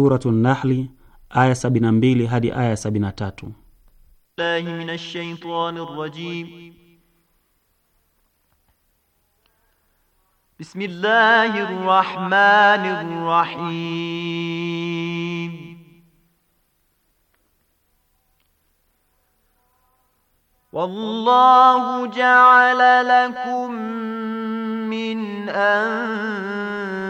Suratu Nahli aya mbili hadi aya 73. Billahi minash shaitani rajim. Bismillahir rahmanir rahim. والله جعل لكم من أنفسكم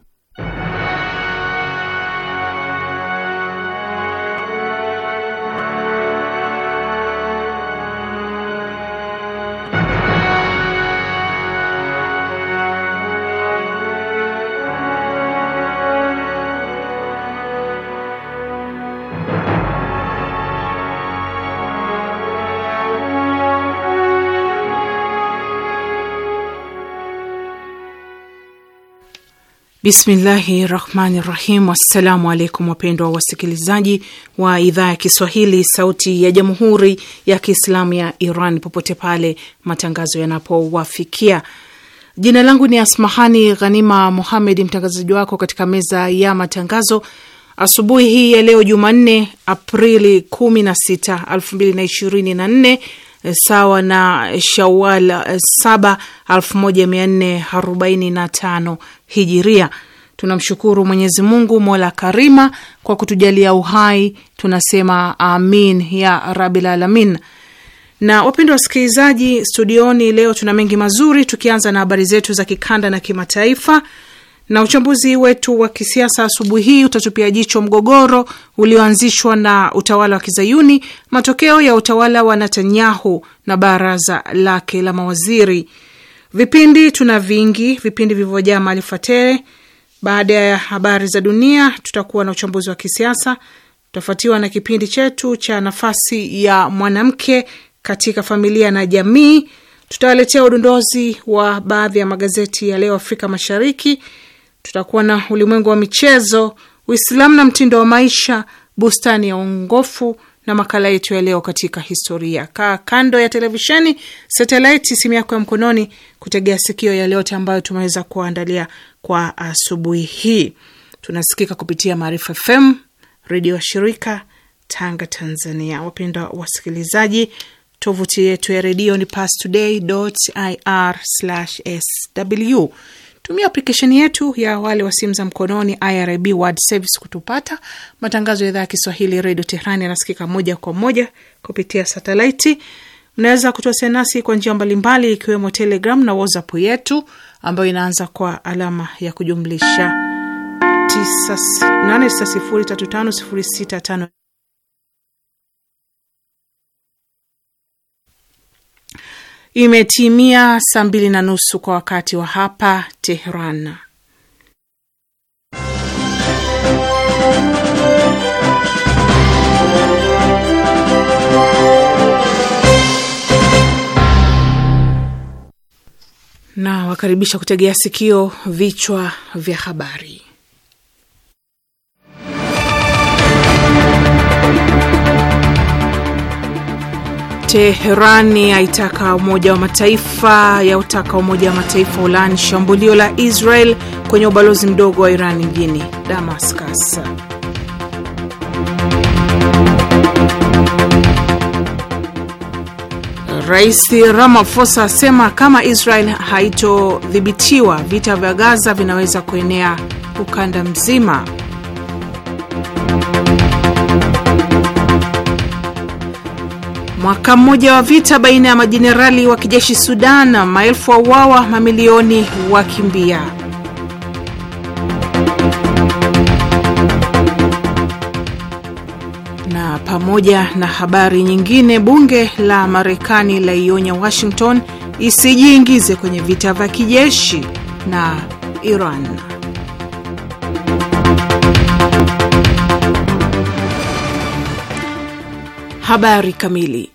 Bismillahi rahmani rahim. Assalamu alaikum wapendwa wasikilizaji wa idhaa ya Kiswahili sauti ya jamhuri ya Kiislamu ya Iran popote pale matangazo yanapowafikia. Jina langu ni Asmahani Ghanima Muhamed, mtangazaji wako katika meza ya matangazo asubuhi hii ya leo Jumanne, Aprili 16, 2024 sawa na Shawal eh, saba 1445 arobaini na tano hijiria. Tunamshukuru Mwenyezi Mungu mola karima kwa kutujalia uhai, tunasema amin ya rabil alamin. Na wapendwa wasikilizaji, studioni leo tuna mengi mazuri, tukianza na habari zetu za kikanda na kimataifa na uchambuzi wetu wa kisiasa asubuhi hii utatupia jicho mgogoro ulioanzishwa na utawala wa Kizayuni, matokeo ya utawala wa Netanyahu na baraza lake la mawaziri. Vipindi tuna vingi, vipindi vilivyojaa maarifa tele. Baada ya habari za dunia, tutakuwa na uchambuzi wa kisiasa, tutafuatiwa na kipindi chetu cha nafasi ya mwanamke katika familia na jamii. Tutawaletea udondozi wa baadhi ya magazeti ya leo Afrika Mashariki Tutakuwa na ulimwengu wa michezo, Uislamu na mtindo wa maisha, bustani ya uongofu na makala yetu ya leo katika historia. Kaa kando ya televisheni, satelaiti, simu yako ya mkononi, kutegea sikio yale yote ambayo tumeweza kuandalia kwa asubuhi hii. Tunasikika kupitia Maarifa FM, redio shirika Tanga, Tanzania. Wapendwa wasikilizaji, tovuti yetu ya redio ni pastoday.ir/sw Tumia aplikesheni yetu ya wale wa simu za mkononi IRIB World Service kutupata. Matangazo ya idhaa ya Kiswahili Redio Tehrani yanasikika moja kwa moja kupitia satelaiti. Mnaweza kutuwasiliana nasi kwa njia mbalimbali, ikiwemo Telegram na WhatsApp yetu ambayo inaanza kwa alama ya kujumlisha 9890350654 Imetimia saa mbili na nusu kwa wakati wa hapa Tehran. Na wakaribisha kutegea sikio vichwa vya habari. Teherani aitaka Umoja wa Mataifa yautaka Umoja wa Mataifa ulaani shambulio la Israel kwenye ubalozi mdogo wa Iran mjini Damascus. Rais Ramaphosa asema kama Israel haitodhibitiwa vita vya Gaza vinaweza kuenea ukanda mzima. Mwaka mmoja wa vita baina ya majenerali wa kijeshi Sudan, maelfu wa wawa, mamilioni wakimbia. Na pamoja na habari nyingine, bunge la Marekani laionya Washington isijiingize kwenye vita vya kijeshi na Iran. Habari kamili.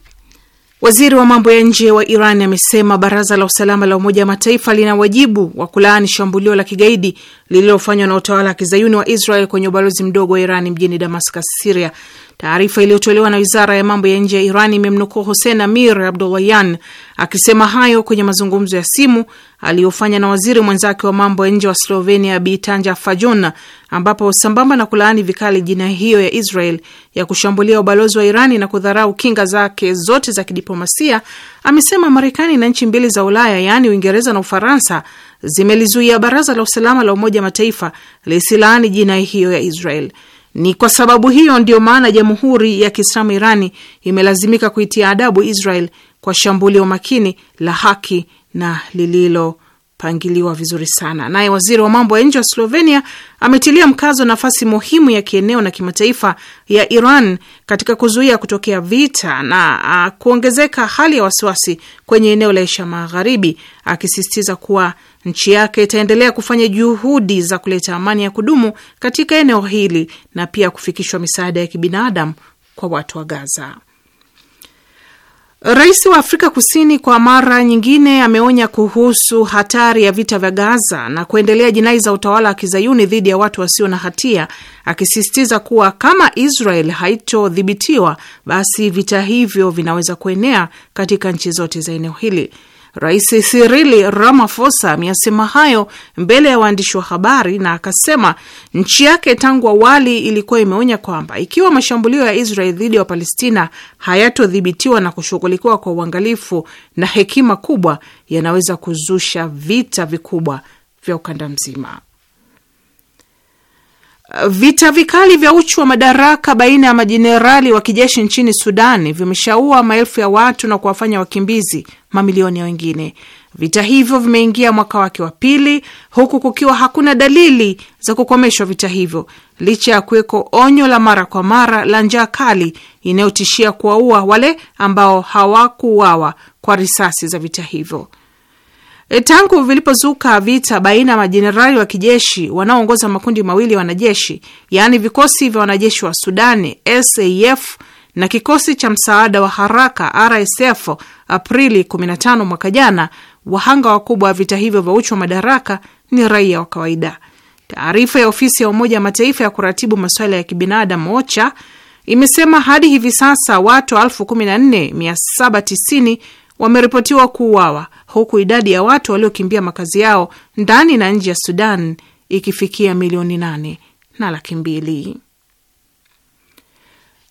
Waziri wa mambo ya nje wa Iran amesema baraza la usalama la Umoja wa Mataifa lina wajibu wa kulaani shambulio la kigaidi lililofanywa na utawala wa kizayuni wa Israel kwenye ubalozi mdogo wa Iran mjini Damascus, Siria, Taarifa iliyotolewa na wizara ya mambo ya nje ya Iran imemnukuu Hussein Amir Abdullahian akisema hayo kwenye mazungumzo ya simu aliyofanya na waziri mwenzake wa mambo ya nje wa Slovenia Bi Tanja Fajon, ambapo sambamba na kulaani vikali jinai hiyo ya Israel ya kushambulia ubalozi wa Irani na kudharau kinga zake zote za kidiplomasia, amesema Marekani na nchi mbili za Ulaya yaani Uingereza na Ufaransa zimelizuia Baraza la Usalama la Umoja Mataifa lisilaani jinai hiyo ya Israel. Ni kwa sababu hiyo ndiyo maana Jamhuri ya Kiislamu Irani imelazimika kuitia adabu Israel kwa shambulio makini la haki na lililo yamepangiliwa vizuri sana. Naye waziri wa mambo ya nje wa Slovenia ametilia mkazo nafasi muhimu ya kieneo na kimataifa ya Iran katika kuzuia kutokea vita na a, kuongezeka hali ya wasiwasi kwenye eneo la Asia Magharibi, akisisitiza kuwa nchi yake itaendelea kufanya juhudi za kuleta amani ya kudumu katika eneo hili na pia kufikishwa misaada ya kibinadamu kwa watu wa Gaza. Rais wa Afrika Kusini kwa mara nyingine ameonya kuhusu hatari ya vita vya Gaza na kuendelea jinai za utawala wa kizayuni dhidi ya watu wasio na hatia, akisisitiza kuwa kama Israel haitodhibitiwa, basi vita hivyo vinaweza kuenea katika nchi zote za eneo hili. Rais sirili ramafosa ameyasema hayo mbele ya waandishi wa habari na akasema nchi yake tangu awali ilikuwa imeonya kwamba ikiwa mashambulio ya Israel dhidi ya Palestina hayatodhibitiwa na kushughulikiwa kwa uangalifu na hekima kubwa, yanaweza kuzusha vita vikubwa vya ukanda mzima. Vita vikali vya uchu wa madaraka baina ya majenerali wa kijeshi nchini Sudani vimeshaua maelfu ya watu na kuwafanya wakimbizi mamilioni ya wengine. Vita hivyo vimeingia mwaka wake wa pili, huku kukiwa hakuna dalili za kukomeshwa vita hivyo, licha ya kuweko onyo la mara kwa mara la njaa kali inayotishia kuwaua wale ambao hawakuuawa kwa risasi za vita hivyo. E, tangu vilipozuka vita baina ya majenerali wa kijeshi wanaoongoza makundi mawili ya wanajeshi, yaani vikosi vya wanajeshi wa Sudani SAF na kikosi cha msaada wa haraka RSF Aprili 15 mwaka jana, wahanga wakubwa wa vita hivyo vya uchu wa madaraka ni raia wa kawaida. Taarifa ya ofisi ya Umoja wa Mataifa ya kuratibu masuala ya kibinadamu OCHA imesema hadi hivi sasa watu 14790 wameripotiwa kuuawa huku idadi ya watu waliokimbia makazi yao ndani na nje ya Sudan ikifikia milioni nane na laki mbili.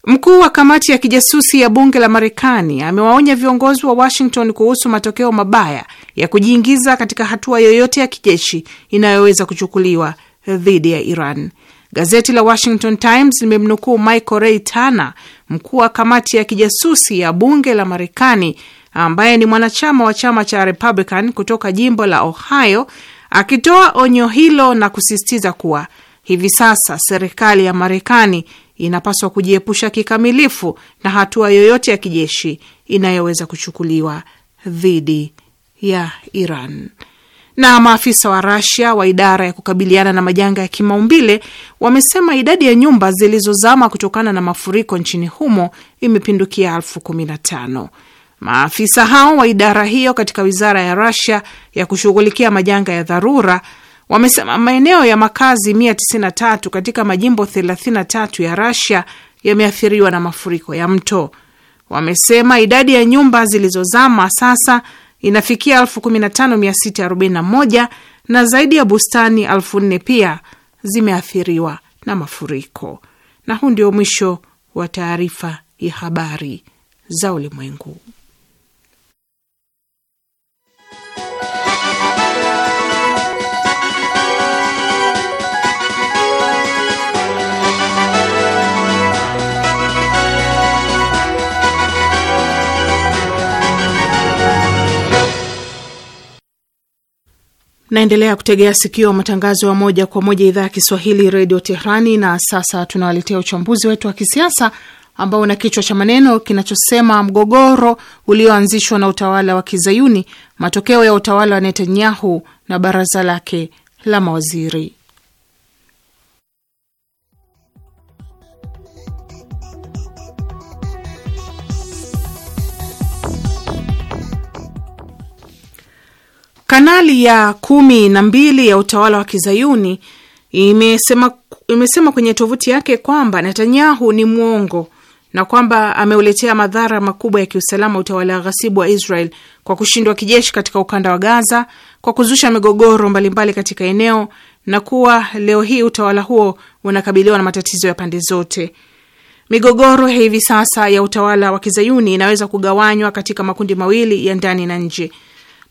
Mkuu wa kamati ya kijasusi ya bunge la Marekani amewaonya viongozi wa Washington kuhusu matokeo mabaya ya kujiingiza katika hatua yoyote ya kijeshi inayoweza kuchukuliwa dhidi ya Iran. Gazeti la Washington Times limemnukuu Michael Ray Tana, mkuu wa kamati ya kijasusi ya bunge la Marekani ambaye ni mwanachama wa chama cha Republican kutoka jimbo la Ohio, akitoa onyo hilo na kusisitiza kuwa hivi sasa serikali ya Marekani inapaswa kujiepusha kikamilifu na hatua yoyote ya kijeshi inayoweza kuchukuliwa dhidi ya Iran. Na maafisa wa Rasia wa idara ya kukabiliana na majanga ya kimaumbile wamesema idadi ya nyumba zilizozama kutokana na mafuriko nchini humo imepindukia elfu kumi na tano. Maafisa hao wa idara hiyo katika wizara ya rasia ya kushughulikia majanga ya dharura wamesema maeneo ya makazi 193 katika majimbo 33 ya rasia yameathiriwa na mafuriko ya mto. Wamesema idadi ya nyumba zilizozama sasa inafikia 15641 na zaidi ya bustani 4000 pia zimeathiriwa na mafuriko. Na huu ndio mwisho wa taarifa ya habari za ulimwengu. Naendelea kutegea sikio matangazo ya moja kwa moja idhaa ya Kiswahili redio Tehrani. Na sasa tunawaletea uchambuzi wetu wa kisiasa ambao una kichwa cha maneno kinachosema mgogoro ulioanzishwa na utawala wa Kizayuni, matokeo ya utawala wa Netanyahu na baraza lake la mawaziri. Kanali ya kumi na mbili ya utawala wa kizayuni imesema, imesema kwenye tovuti yake kwamba Netanyahu ni mwongo na kwamba ameuletea madhara makubwa ya kiusalama utawala wa ghasibu wa Israel kwa kushindwa kijeshi katika ukanda wa Gaza, kwa kuzusha migogoro mbalimbali katika eneo na kuwa leo hii utawala huo unakabiliwa na matatizo ya pande zote. Migogoro hivi sasa ya utawala wa kizayuni inaweza kugawanywa katika makundi mawili ya ndani na nje.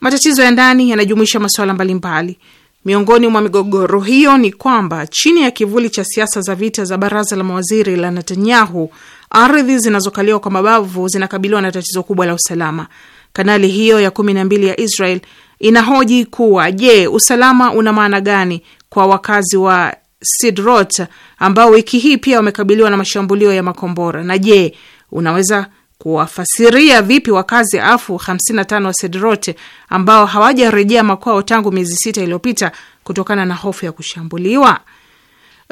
Matatizo ya ndani yanajumuisha masuala mbalimbali. Miongoni mwa migogoro hiyo ni kwamba chini ya kivuli cha siasa za vita za baraza la mawaziri la Netanyahu, ardhi zinazokaliwa kwa mabavu zinakabiliwa na tatizo kubwa la usalama. Kanali hiyo ya kumi na mbili ya Israel inahoji kuwa je, usalama una maana gani kwa wakazi wa Sidrot ambao wiki hii pia wamekabiliwa na mashambulio ya makombora, na je unaweza kuwafasiria vipi wakazi elfu 55 wa Sedrote ambao hawajarejea makwao tangu miezi sita iliyopita kutokana na hofu ya kushambuliwa.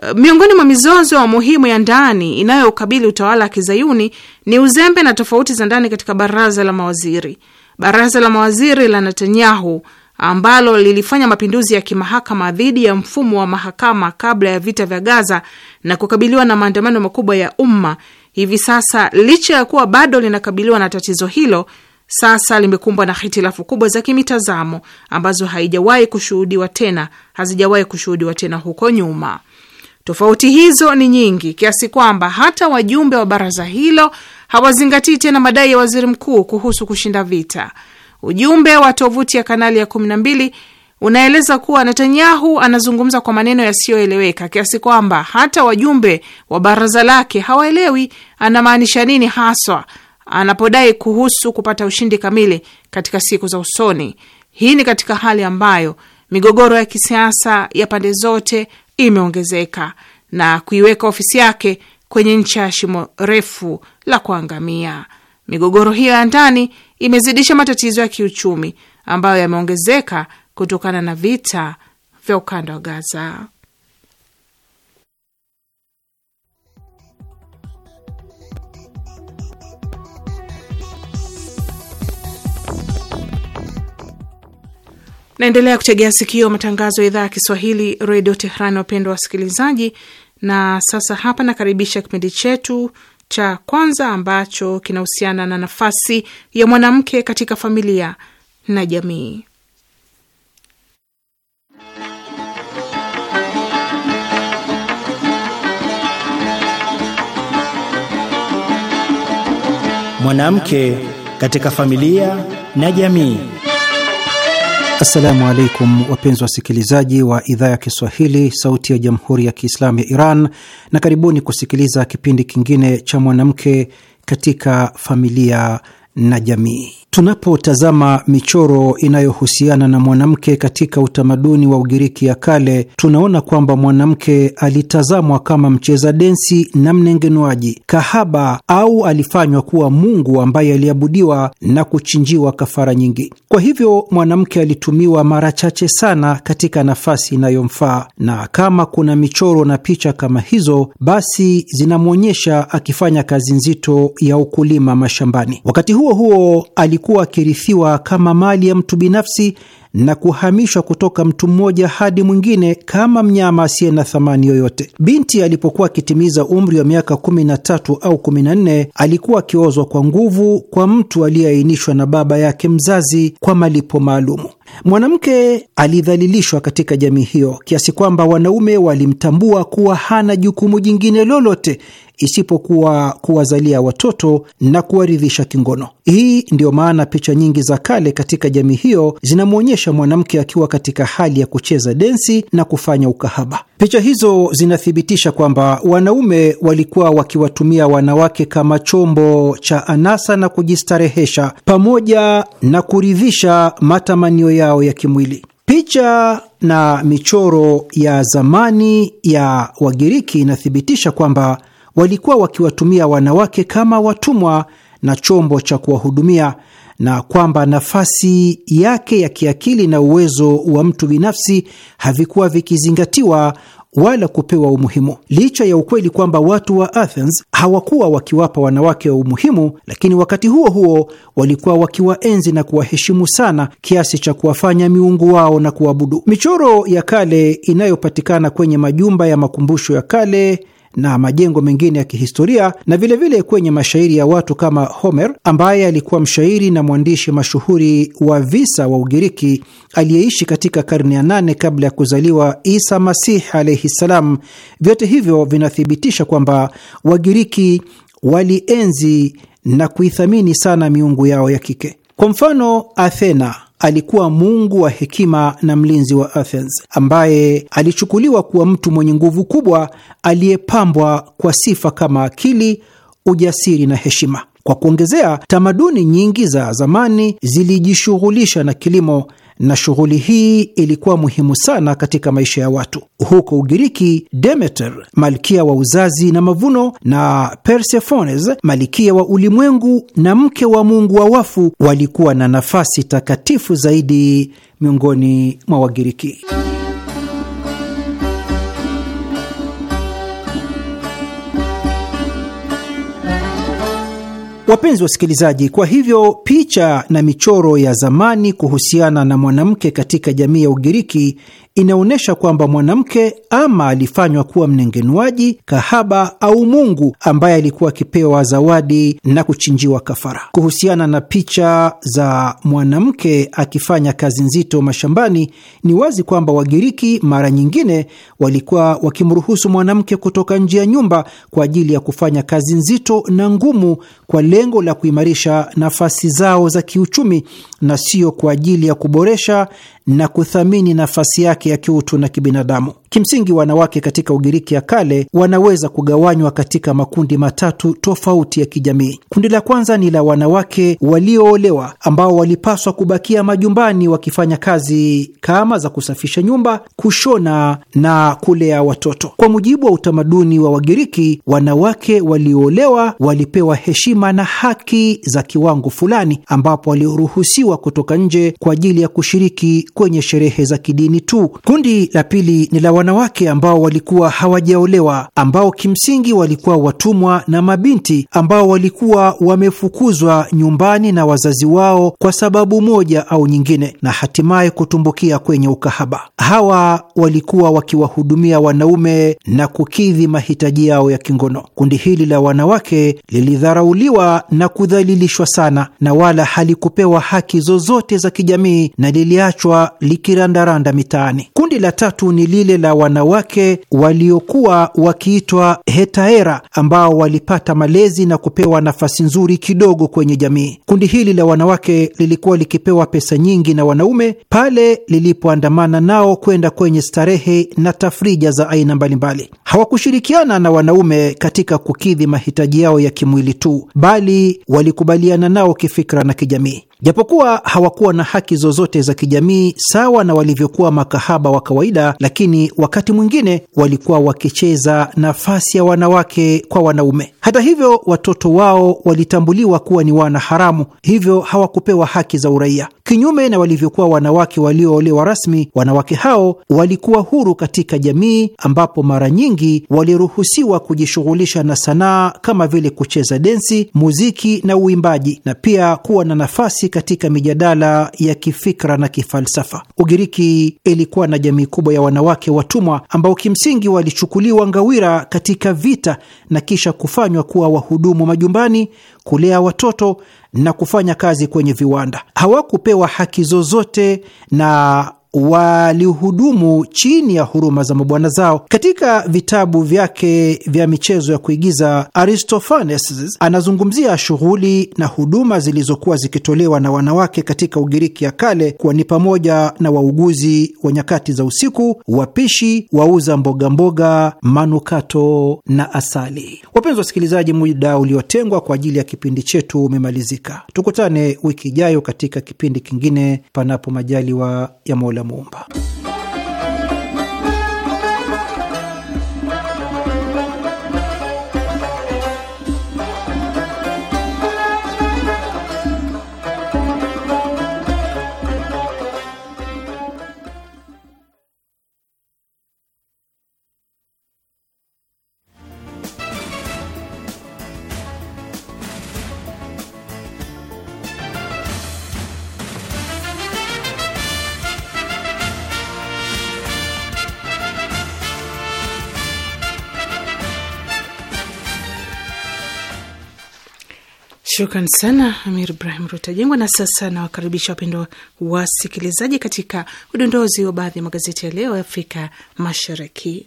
Eh, miongoni mwa mizozo muhimu ya ndani inayoukabili utawala wa kizayuni ni uzembe na tofauti za ndani katika baraza la mawaziri. Baraza la mawaziri la Netanyahu ambalo lilifanya mapinduzi ya kimahakama dhidi ya mfumo wa mahakama kabla ya vita vya Gaza na kukabiliwa na maandamano makubwa ya umma hivi sasa, licha ya kuwa bado linakabiliwa na tatizo hilo, sasa limekumbwa na hitilafu kubwa za kimitazamo ambazo haijawahi kushuhudiwa tena, hazijawahi kushuhudiwa tena huko nyuma. Tofauti hizo ni nyingi kiasi kwamba hata wajumbe wa baraza hilo hawazingatii tena madai ya waziri mkuu kuhusu kushinda vita. Ujumbe wa tovuti ya kanali ya mbili unaeleza kuwa Netanyahu anazungumza kwa maneno yasiyoeleweka kiasi kwamba hata wajumbe wa baraza lake hawaelewi anamaanisha nini haswa anapodai kuhusu kupata ushindi kamili katika siku za usoni. Hii ni katika hali ambayo migogoro ya kisiasa ya pande zote imeongezeka na kuiweka ofisi yake kwenye ncha ya shimo refu la kuangamia. Migogoro hiyo ya ndani imezidisha matatizo ya kiuchumi ambayo yameongezeka kutokana na vita vya ukanda wa Gaza. Naendelea kutegea sikio matangazo ya idhaa ya Kiswahili redio Tehrani, wapendwa wasikilizaji. Na sasa hapa nakaribisha kipindi chetu cha kwanza ambacho kinahusiana na nafasi ya mwanamke katika familia na jamii. mwanamke katika familia na jamii. Assalamu alaikum wapenzi wasikilizaji wa idhaa ya Kiswahili, Sauti ya Jamhuri ya Kiislamu ya Iran, na karibuni kusikiliza kipindi kingine cha mwanamke katika familia na jamii. Tunapotazama michoro inayohusiana na mwanamke katika utamaduni wa Ugiriki ya kale, tunaona kwamba mwanamke alitazamwa kama mcheza densi na mnengenwaji kahaba, au alifanywa kuwa mungu ambaye aliabudiwa na kuchinjiwa kafara nyingi. Kwa hivyo mwanamke alitumiwa mara chache sana katika nafasi inayomfaa, na kama kuna michoro na picha kama hizo, basi zinamwonyesha akifanya kazi nzito ya ukulima mashambani. Wakati huo huo ali alikuwa akirithiwa kama mali ya mtu binafsi na kuhamishwa kutoka mtu mmoja hadi mwingine kama mnyama asiye na thamani yoyote. Binti alipokuwa akitimiza umri wa miaka kumi na tatu au kumi na nne alikuwa akiozwa kwa nguvu kwa mtu aliyeainishwa na baba yake mzazi kwa malipo maalumu. Mwanamke alidhalilishwa katika jamii hiyo kiasi kwamba wanaume walimtambua kuwa hana jukumu jingine lolote isipokuwa kuwazalia watoto na kuwaridhisha kingono. Hii ndiyo maana picha nyingi za kale katika jamii hiyo zinamwonyesha mwanamke akiwa katika hali ya kucheza densi na kufanya ukahaba. Picha hizo zinathibitisha kwamba wanaume walikuwa wakiwatumia wanawake kama chombo cha anasa na kujistarehesha pamoja na kuridhisha matamanio ya yao ya kimwili. Picha na michoro ya zamani ya Wagiriki inathibitisha kwamba walikuwa wakiwatumia wanawake kama watumwa na chombo cha kuwahudumia na kwamba nafasi yake ya kiakili na uwezo wa mtu binafsi havikuwa vikizingatiwa wala kupewa umuhimu, licha ya ukweli kwamba watu wa Athens hawakuwa wakiwapa wanawake wa umuhimu, lakini wakati huo huo walikuwa wakiwaenzi na kuwaheshimu sana kiasi cha kuwafanya miungu wao na kuabudu. Michoro ya kale inayopatikana kwenye majumba ya makumbusho ya kale na majengo mengine ya kihistoria na vilevile vile kwenye mashairi ya watu kama Homer ambaye alikuwa mshairi na mwandishi mashuhuri wa visa wa Ugiriki aliyeishi katika karne ya nane kabla ya kuzaliwa Isa Masih alaihi ssalam. Vyote hivyo vinathibitisha kwamba Wagiriki walienzi na kuithamini sana miungu yao ya kike. Kwa mfano, Athena alikuwa mungu wa hekima na mlinzi wa Athens, ambaye alichukuliwa kuwa mtu mwenye nguvu kubwa aliyepambwa kwa sifa kama akili, ujasiri na heshima. Kwa kuongezea, tamaduni nyingi za zamani zilijishughulisha na kilimo na shughuli hii ilikuwa muhimu sana katika maisha ya watu. Huko Ugiriki, Demeter, malkia wa uzazi na mavuno, na Persefones, malkia wa ulimwengu na mke wa mungu wa wafu, walikuwa na nafasi takatifu zaidi miongoni mwa Wagiriki. Wapenzi wasikilizaji, kwa hivyo picha na michoro ya zamani kuhusiana na mwanamke katika jamii ya Ugiriki inaonyesha kwamba mwanamke ama alifanywa kuwa mnengenuaji, kahaba au mungu ambaye alikuwa akipewa zawadi na kuchinjiwa kafara. Kuhusiana na picha za mwanamke akifanya kazi nzito mashambani, ni wazi kwamba Wagiriki mara nyingine walikuwa wakimruhusu mwanamke kutoka nje ya nyumba kwa ajili ya kufanya kazi nzito na ngumu kwa lengo la kuimarisha nafasi zao za kiuchumi na sio kwa ajili ya kuboresha na kuthamini nafasi yake ya kiutu na kibinadamu. Kimsingi, wanawake katika Ugiriki ya kale wanaweza kugawanywa katika makundi matatu tofauti ya kijamii. Kundi la kwanza ni la wanawake walioolewa ambao walipaswa kubakia majumbani wakifanya kazi kama za kusafisha nyumba, kushona na kulea watoto. Kwa mujibu wa utamaduni wa Wagiriki, wanawake walioolewa walipewa heshima na haki za kiwango fulani, ambapo walioruhusiwa kutoka nje kwa ajili ya kushiriki kwenye sherehe za kidini tu. Kundi la pili ni la wanawake ambao walikuwa hawajaolewa, ambao kimsingi walikuwa watumwa na mabinti ambao walikuwa wamefukuzwa nyumbani na wazazi wao kwa sababu moja au nyingine, na hatimaye kutumbukia kwenye ukahaba. Hawa walikuwa wakiwahudumia wanaume na kukidhi mahitaji yao ya kingono. Kundi hili la wanawake lilidharauliwa na kudhalilishwa sana na wala halikupewa haki zozote za kijamii na liliachwa likirandaranda mitaani. Kundi la tatu ni lile la wanawake waliokuwa wakiitwa hetaera, ambao walipata malezi na kupewa nafasi nzuri kidogo kwenye jamii. Kundi hili la wanawake lilikuwa likipewa pesa nyingi na wanaume pale lilipoandamana nao kwenda kwenye starehe na tafrija za aina mbalimbali. Hawakushirikiana na wanaume katika kukidhi mahitaji yao ya kimwili tu, bali walikubaliana nao kifikra na kijamii. Japokuwa hawakuwa na haki zozote za kijamii sawa na walivyokuwa makahaba wa kawaida, lakini wakati mwingine walikuwa wakicheza nafasi ya wanawake kwa wanaume. Hata hivyo, watoto wao walitambuliwa kuwa ni wana haramu, hivyo hawakupewa haki za uraia. Kinyume na walivyokuwa wanawake walioolewa rasmi, wanawake hao walikuwa huru katika jamii, ambapo mara nyingi waliruhusiwa kujishughulisha na sanaa kama vile kucheza densi, muziki na uimbaji, na pia kuwa na nafasi katika mijadala ya kifikra na kifalsafa. Ugiriki ilikuwa na jamii kubwa ya wanawake watumwa ambao kimsingi walichukuliwa ngawira katika vita na kisha kufanywa kuwa wahudumu majumbani, kulea watoto na kufanya kazi kwenye viwanda. Hawakupewa haki zozote na walihudumu chini ya huruma za mabwana zao. Katika vitabu vyake vya michezo ya kuigiza, Aristophanes anazungumzia shughuli na huduma zilizokuwa zikitolewa na wanawake katika Ugiriki ya kale, kuwa ni pamoja na wauguzi wa nyakati za usiku, wapishi, wauza mboga mboga, manukato na asali. Wapenzi wasikilizaji, muda uliotengwa kwa ajili ya kipindi chetu umemalizika. Tukutane wiki ijayo katika kipindi kingine, panapo majaliwa ya Mola. momba Shukran sana Amir Ibrahim Rutajengwa. Na sasa nawakaribisha wapendwa wasikilizaji katika udondozi wa baadhi ya magazeti ya leo ya Afrika Mashariki.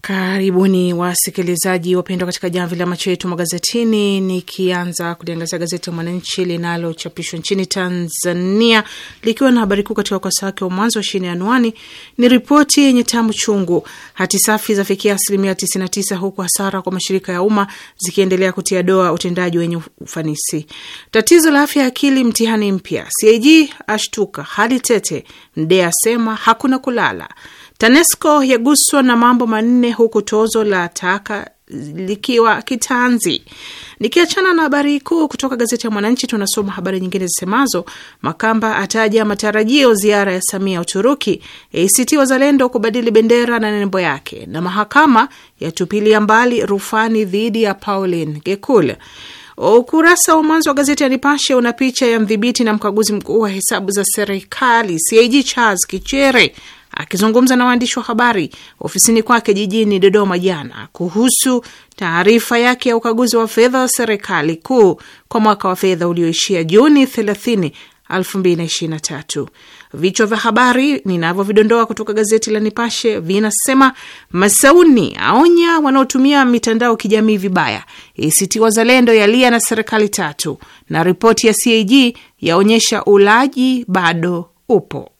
Karibuni wasikilizaji wapendwa, katika jamvi la macho yetu magazetini, nikianza kuliangazia gazeti la Mwananchi linalochapishwa nchini Tanzania, likiwa na habari kuu katika ukurasa wake wa mwanzo chini ya anwani ni ripoti yenye tamu chungu, hati safi zafikia asilimia 99, huku hasara kwa mashirika ya umma zikiendelea kutia doa utendaji wenye ufanisi. Tatizo la afya ya akili mtihani mpya, CAG ashtuka hali tete, Mdee asema hakuna kulala TANESCO yaguswa na mambo manne huku tozo la taka likiwa kitanzi. Nikiachana na habari kuu kutoka gazeti ya Mwananchi, tunasoma habari nyingine zisemazo: Makamba ataja matarajio ziara ya Samia Uturuki, ACT Wazalendo kubadili bendera na nembo yake, na mahakama yatupilia mbali rufani dhidi ya Pauline Gekul. Ukurasa wa mwanzo wa gazeti ya Nipashe una picha ya mdhibiti na mkaguzi mkuu wa hesabu za serikali CAG Charles Kichere Akizungumza na waandishi wa habari ofisini kwake jijini Dodoma jana kuhusu taarifa yake ya ukaguzi wa fedha wa serikali kuu kwa mwaka wa fedha ulioishia Juni 30, 2023. Vichwa vya habari ninavyovidondoa kutoka gazeti la Nipashe vinasema: Masauni aonya wanaotumia mitandao kijamii vibaya, ACT Wazalendo yalia na serikali tatu, na ripoti ya CAG yaonyesha ulaji bado upo.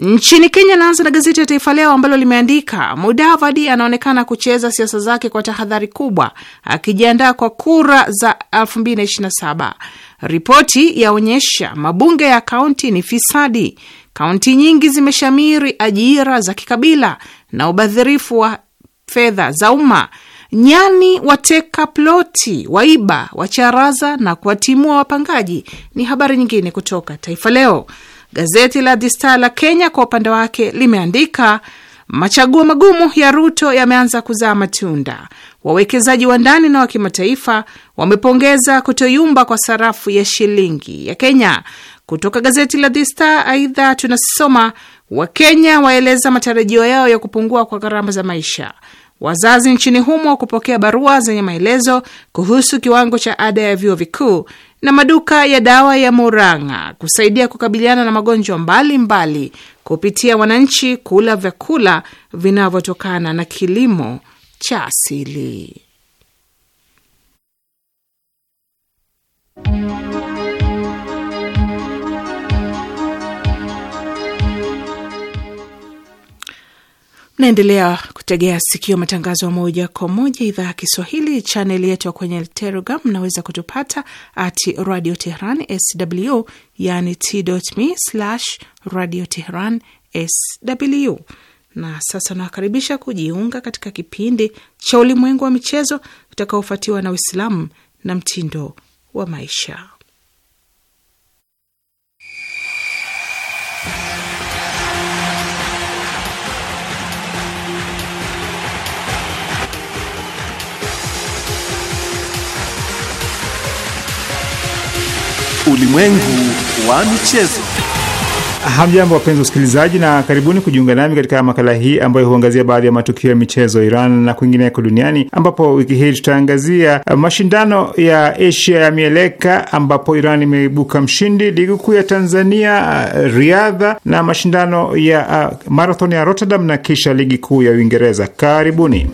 Nchini Kenya, naanza na gazeti ya Taifa Leo ambalo limeandika Mudavadi anaonekana kucheza siasa zake kwa tahadhari kubwa, akijiandaa kwa kura za 2027. Ripoti yaonyesha mabunge ya kaunti ni fisadi. Kaunti nyingi zimeshamiri ajira za kikabila na ubadhirifu wa fedha za umma. Nyani wateka ploti, waiba, wacharaza na kuwatimua wapangaji, ni habari nyingine kutoka Taifa Leo. Gazeti la The Star la Kenya kwa upande wake limeandika machaguo magumu ya Ruto yameanza kuzaa matunda. Wawekezaji wa ndani na wa kimataifa wamepongeza kutoyumba kwa sarafu ya shilingi ya Kenya. Kutoka gazeti la The Star aidha tunasoma Wakenya waeleza matarajio yao ya kupungua kwa gharama za maisha. Wazazi nchini humo kupokea barua zenye maelezo kuhusu kiwango cha ada ya vyuo vikuu na maduka ya dawa ya Murang'a kusaidia kukabiliana na magonjwa mbalimbali mbali, kupitia wananchi kula vyakula vinavyotokana na kilimo cha asili. Naendelea kutegea sikio matangazo ya moja kwa moja idhaa ya Kiswahili, chaneli yetu ya kwenye Telegram. Mnaweza kutupata at Radio Tehran sw, yani t.me slash Radio Tehran sw. Na sasa nawakaribisha kujiunga katika kipindi cha ulimwengu wa michezo utakaofuatiwa na Uislamu na mtindo wa maisha. Ulimwengu wa michezo. Hamjambo wapenzi usikilizaji, na karibuni kujiunga nami katika makala hii ambayo huangazia baadhi ya matukio ya michezo Iran na kwingineko duniani, ambapo wiki hii tutaangazia mashindano ya Asia ya mieleka ambapo Iran imeibuka mshindi, ligi kuu ya Tanzania riadha, na mashindano ya uh, marathon ya Rotterdam na kisha ligi kuu ya Uingereza. Karibuni.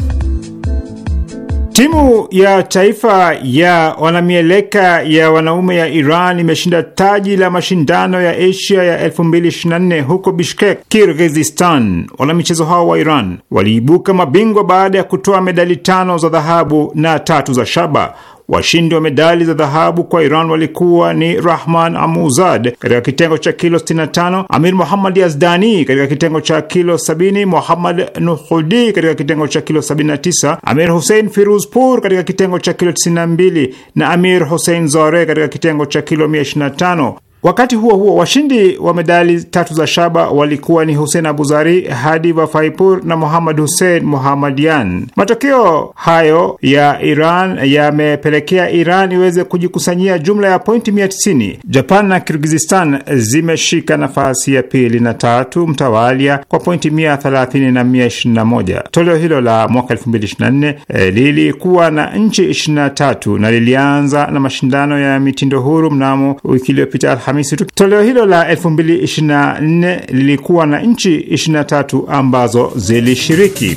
Timu ya taifa ya wanamieleka ya wanaume ya Iran imeshinda taji la mashindano ya Asia ya 2024 huko Bishkek, Kirgizistan. Wanamichezo hao wa Iran waliibuka mabingwa baada ya kutoa medali tano za dhahabu na tatu za shaba. Washindi wa medali za dhahabu kwa Iran walikuwa ni Rahman Amuzad katika kitengo cha kilo 65, Amir Muhammad Yazdani katika kitengo cha kilo 70, Muhammad Nuhudi katika kitengo cha kilo 79, Amir Hussein Firuzpur katika kitengo cha kilo 92 na Amir Hussein Zore katika kitengo cha kilo 125. Wakati huo huo, washindi wa medali tatu za shaba walikuwa ni Hussein Abuzari, Hadi Vafaipur na Muhammad Hussein Muhammadian. Matokeo hayo ya Iran yamepelekea Iran iweze kujikusanyia jumla ya pointi 190. Japan na Kirgizistan zimeshika nafasi ya pili na tatu mtawalia kwa pointi 130 na 121. Toleo hilo la mwaka 2024 eh, lilikuwa na nchi 23 na lilianza na mashindano ya mitindo huru mnamo wiki iliyopita Alhamisi tu. Toleo hilo la 2024 lilikuwa na nchi 23 ambazo zilishiriki.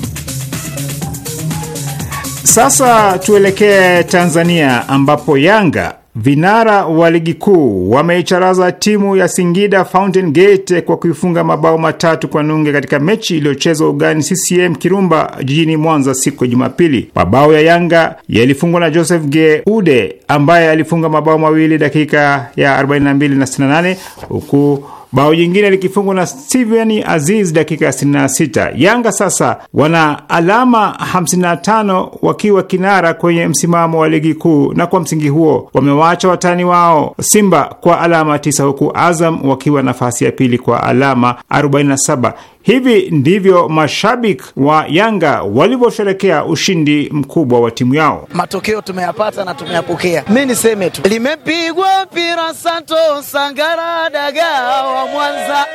Sasa tuelekee Tanzania ambapo Yanga Vinara wa ligi kuu wameicharaza timu ya Singida Fountain Gate kwa kuifunga mabao matatu kwa nunge katika mechi iliyochezwa ugani CCM Kirumba jijini Mwanza siku ya Jumapili. Mabao ya Yanga yalifungwa na Joseph Geude ambaye alifunga mabao mawili dakika ya 42 na 68 huku bao jingine likifungwa na Steven Aziz dakika ya 66. Yanga sasa wana alama 55 wakiwa kinara kwenye msimamo wa ligi kuu, na kwa msingi huo wamewaacha watani wao Simba kwa alama 9 huku Azam wakiwa nafasi ya pili kwa alama 47. Hivi ndivyo mashabiki wa Yanga walivyosherekea ushindi mkubwa wa timu yao. Matokeo tumeyapata na tumeyapokea. Mi niseme tu limepigwa mpira Santo Sangara Daga wa Mwanza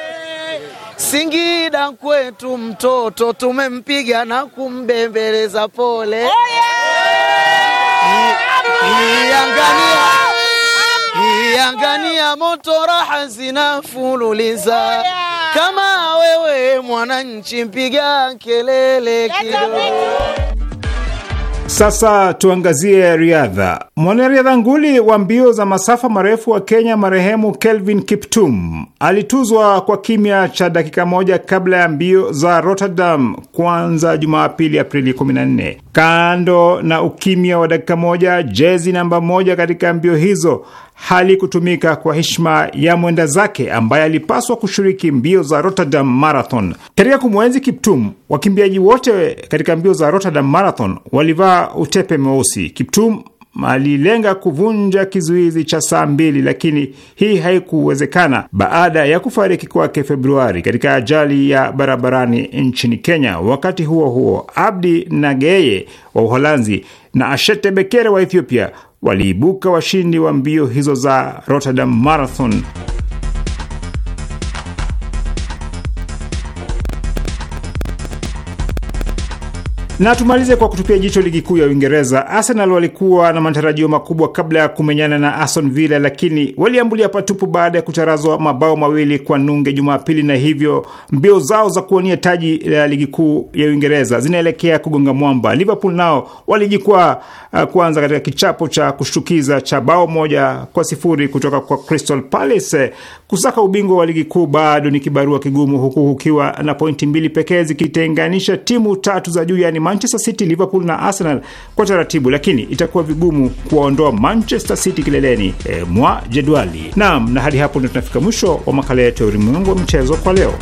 Singida kwetu, mtoto tumempiga na kumbembeleza pole. Oh yeah! moto raha zinafululiza. Oh yeah! Kama wewe mwananchi, mpiga kelele kidogo. Sasa tuangazie riadha. Mwanariadha nguli wa mbio za masafa marefu wa Kenya marehemu Kelvin Kiptum alituzwa kwa kimya cha dakika moja kabla ya mbio za Rotterdam kuanza Jumapili, Aprili 14. Kando na ukimya wa dakika moja, jezi namba moja katika mbio hizo halikutumika kwa heshima ya mwenda zake ambaye alipaswa kushiriki mbio za Rotterdam Marathon. Katika kumwenzi Kiptum, wakimbiaji wote katika mbio za Rotterdam Marathon walivaa utepe mweusi. Kiptum alilenga kuvunja kizuizi cha saa mbili, lakini hii haikuwezekana baada ya kufariki kwake Februari katika ajali ya barabarani nchini Kenya. Wakati huo huo, Abdi Nageye wa Uholanzi na Ashete Bekere wa Ethiopia waliibuka washindi wa mbio hizo za Rotterdam Marathon. Na tumalize kwa kutupia jicho ligi kuu ya Uingereza. Arsenal walikuwa na matarajio makubwa kabla ya kumenyana na Aston Villa, lakini waliambulia patupu baada ya kucharazwa mabao mawili kwa nunge Jumapili, na hivyo mbio zao za kuonia taji la ligi kuu ya Uingereza zinaelekea kugonga mwamba. Liverpool nao walijikwaa uh, kwanza katika kichapo cha kushtukiza cha bao moja kwa sifuri kutoka kwa Crystal Palace. Kusaka ubingwa wa ligi kuu bado ni kibarua kigumu, huku ukiwa na pointi mbili pekee zikitenganisha timu tatu za juu, yani Manchester City, Liverpool na Arsenal kwa taratibu, lakini itakuwa vigumu kuwaondoa Manchester City kileleni e, mwa jedwali. Naam, na hadi hapo ndio tunafika mwisho wa makala yetu ya ulimwengu wa michezo kwa leo.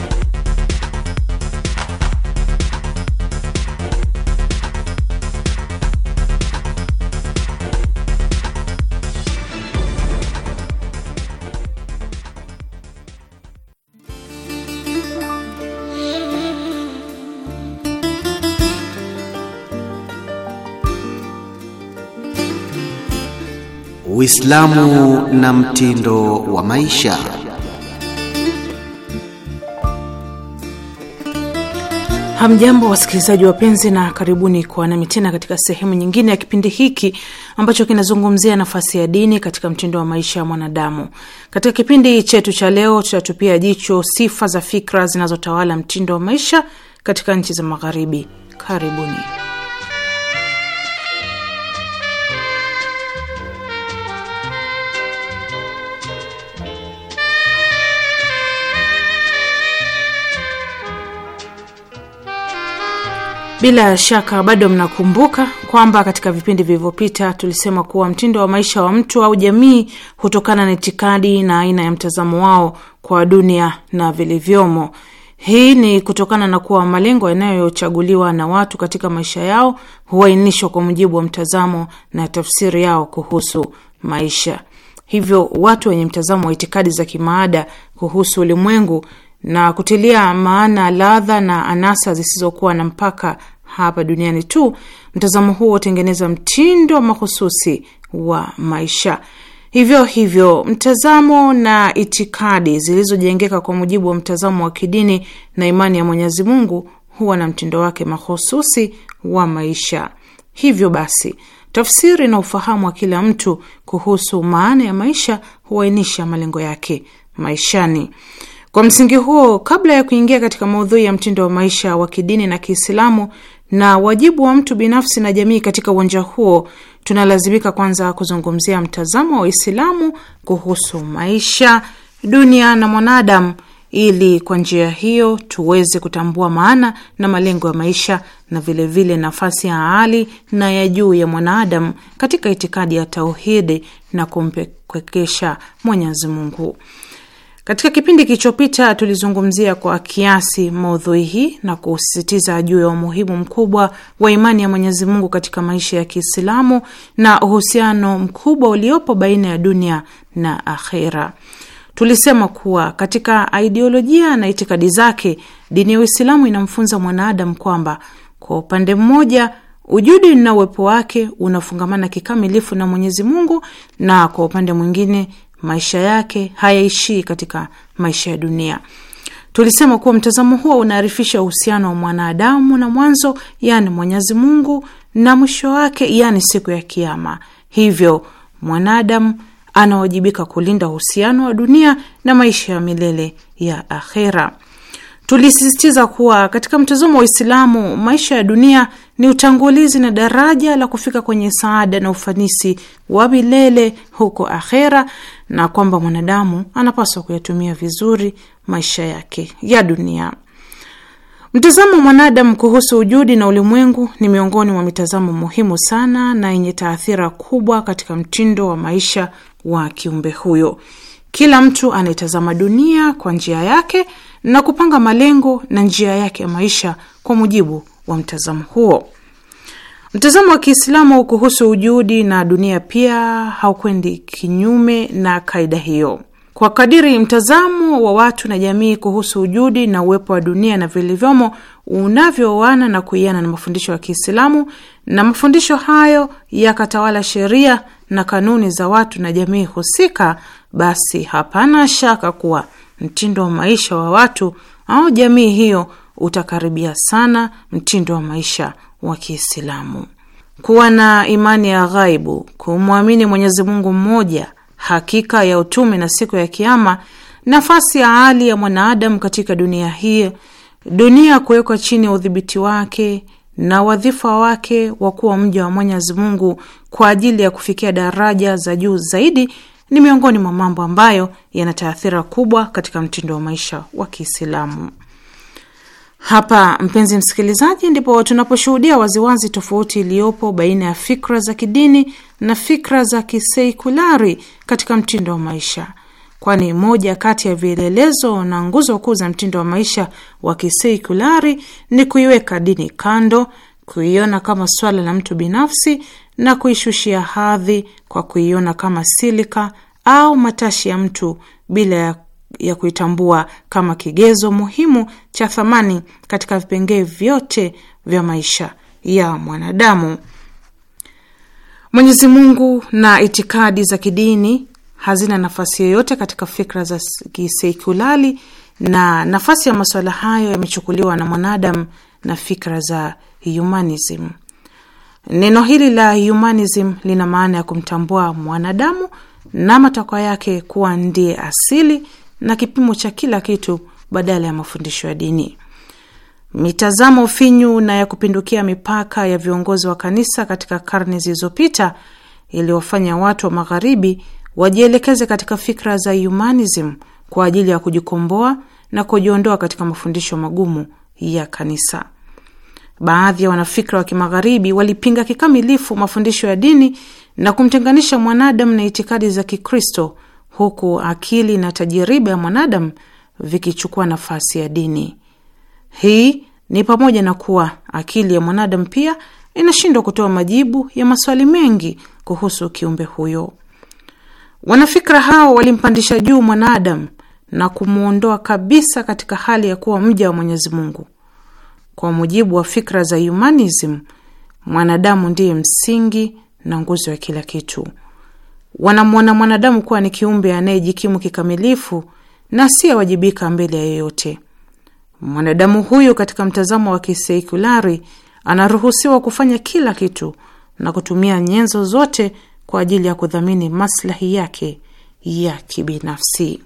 Uislamu na mtindo wa maisha. Hamjambo wasikilizaji wapenzi, na karibuni kwa nami tena katika sehemu nyingine ya kipindi hiki ambacho kinazungumzia nafasi ya dini katika mtindo wa maisha ya mwanadamu. Katika kipindi chetu cha leo, tutatupia jicho sifa za fikra zinazotawala mtindo wa maisha katika nchi za Magharibi. Karibuni. Bila shaka bado mnakumbuka kwamba katika vipindi vilivyopita tulisema kuwa mtindo wa maisha wa mtu au jamii hutokana na itikadi na aina ya mtazamo wao kwa dunia na vilivyomo. Hii ni kutokana na kuwa malengo yanayochaguliwa na watu katika maisha yao huainishwa kwa mujibu wa mtazamo na tafsiri yao kuhusu maisha. Hivyo watu wenye mtazamo wa itikadi za kimaada kuhusu ulimwengu na kutilia maana ladha na anasa zisizokuwa na mpaka hapa duniani tu. Mtazamo huo hutengeneza mtindo mahususi wa maisha. Hivyo hivyo, mtazamo na itikadi zilizojengeka kwa mujibu wa mtazamo wa kidini na imani ya Mwenyezi Mungu huwa na mtindo wake mahususi wa maisha. Hivyo basi, tafsiri na ufahamu wa kila mtu kuhusu maana ya maisha huainisha malengo yake maishani. Kwa msingi huo, kabla ya kuingia katika maudhui ya mtindo wa maisha wa kidini na Kiislamu na wajibu wa mtu binafsi na jamii katika uwanja huo, tunalazimika kwanza kuzungumzia mtazamo wa Uislamu kuhusu maisha, dunia na mwanadamu, ili kwa njia hiyo tuweze kutambua maana na malengo ya maisha na vilevile vile nafasi ya hali na ya juu ya mwanadamu katika itikadi ya tauhidi na kumpekekesha Mwenyezi Mungu. Katika kipindi kilichopita tulizungumzia kwa kiasi maudhui hii na kusisitiza juu ya umuhimu mkubwa wa imani ya Mwenyezi Mungu katika maisha ya Kiislamu na uhusiano mkubwa uliopo baina ya dunia na akhera. Tulisema kuwa katika aidiolojia na itikadi zake, dini ya Uislamu inamfunza mwanaadamu kwamba kwa upande mmoja ujudi na uwepo wake unafungamana kikamilifu na Mwenyezi Mungu na kwa upande mwingine maisha yake hayaishii katika maisha ya dunia. Tulisema kuwa mtazamo huo unaarifisha uhusiano wa mwanadamu na mwanzo, yani Mwenyezi Mungu, na mwisho wake, yani siku ya Kiama. Hivyo mwanadamu anawajibika kulinda uhusiano wa dunia na maisha ya milele ya akhera. Tulisisitiza kuwa katika mtazamo wa Uislamu, maisha ya dunia ni utangulizi na daraja la kufika kwenye saada na ufanisi wa milele huko akhera, na kwamba mwanadamu anapaswa kuyatumia vizuri maisha yake ya dunia. Mtazamo wa mwanadamu kuhusu ujudi na ulimwengu ni miongoni mwa mitazamo muhimu sana na yenye taathira kubwa katika mtindo wa maisha wa kiumbe huyo. Kila mtu anaitazama dunia kwa njia yake na kupanga malengo na njia yake ya maisha kwa mujibu wa mtazamo huo. Mtazamo wa Kiislamu kuhusu ujudi na dunia pia haukwendi kinyume na kaida hiyo. Kwa kadiri mtazamo wa watu na jamii kuhusu ujudi na uwepo wa dunia na vilivyomo unavyooana na kuiana na mafundisho ya Kiislamu, na mafundisho hayo yakatawala sheria na kanuni za watu na jamii husika, basi hapana shaka kuwa mtindo wa maisha wa watu au jamii hiyo utakaribia sana mtindo wa maisha wa Kiislamu. Kuwa na imani ya ghaibu, kumwamini Mwenyezi Mungu mmoja, hakika ya utume na siku ya Kiama, nafasi ya hali ya mwanadamu katika dunia hii, dunia kuwekwa chini ya udhibiti wake, na wadhifa wake wa kuwa mja wa Mwenyezi Mungu kwa ajili ya kufikia daraja za juu zaidi ni miongoni mwa mambo ambayo yana taathira kubwa katika mtindo wa maisha wa Kiislamu. Hapa mpenzi msikilizaji, ndipo tunaposhuhudia waziwazi tofauti iliyopo baina ya fikra za kidini na fikra za kisekulari katika mtindo wa maisha kwani moja kati ya vielelezo na nguzo kuu za mtindo wa maisha wa kisekulari ni kuiweka dini kando, kuiona kama swala la mtu binafsi na kuishushia hadhi kwa kuiona kama silika au matashi ya mtu bila ya ya kuitambua kama kigezo muhimu cha thamani katika vipengee vyote vya maisha ya mwanadamu. Mwenyezi Mungu na itikadi za kidini hazina nafasi yoyote katika fikra za kisekulali na nafasi ya masuala hayo yamechukuliwa na mwanadamu na fikra za humanism. Neno hili la humanism lina maana ya kumtambua mwanadamu na matakwa yake kuwa ndiye asili na kipimo cha kila kitu badala ya mafundisho ya dini. Mitazamo finyu na ya kupindukia mipaka ya viongozi wa kanisa katika karne zilizopita iliwafanya watu wa Magharibi wajielekeze katika fikra za humanism kwa ajili ya kujikomboa na kujiondoa katika mafundisho magumu ya kanisa. Baadhi ya wanafikra wa kimagharibi walipinga kikamilifu mafundisho ya dini na kumtenganisha mwanadamu na itikadi za Kikristo, huku akili na tajiriba ya mwanadamu vikichukua nafasi ya dini. Hii ni pamoja na kuwa akili ya mwanadamu pia inashindwa kutoa majibu ya maswali mengi kuhusu kiumbe huyo. Wanafikra hao walimpandisha juu mwanadamu na kumwondoa kabisa katika hali ya kuwa mja wa Mwenyezi Mungu. Kwa mujibu wa fikra za humanism, mwanadamu ndiye msingi na nguzo ya kila kitu. Wanamwona mwanadamu kuwa ni kiumbe anayejikimu kikamilifu na si awajibika mbele ya yeyote. Mwanadamu huyu katika mtazamo wa kisekulari anaruhusiwa kufanya kila kitu na kutumia nyenzo zote kwa ajili ya kudhamini maslahi yake ya kibinafsi.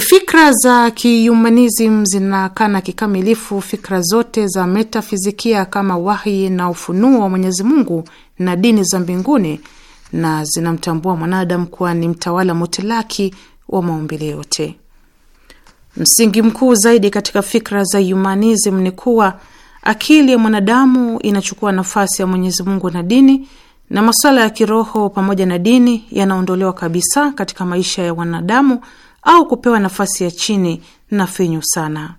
Fikra za kihumanism zinakana kikamilifu fikra zote za metafizikia kama wahi na ufunuo wa Mwenyezi Mungu na dini za mbinguni, na zinamtambua mwanadamu kuwa ni mtawala mutilaki wa maumbile yote. Msingi mkuu zaidi katika fikra za humanism ni kuwa akili ya mwanadamu inachukua nafasi ya Mwenyezi Mungu na dini na masuala ya kiroho pamoja na dini yanaondolewa kabisa katika maisha ya wanadamu au kupewa nafasi ya chini na finyu sana.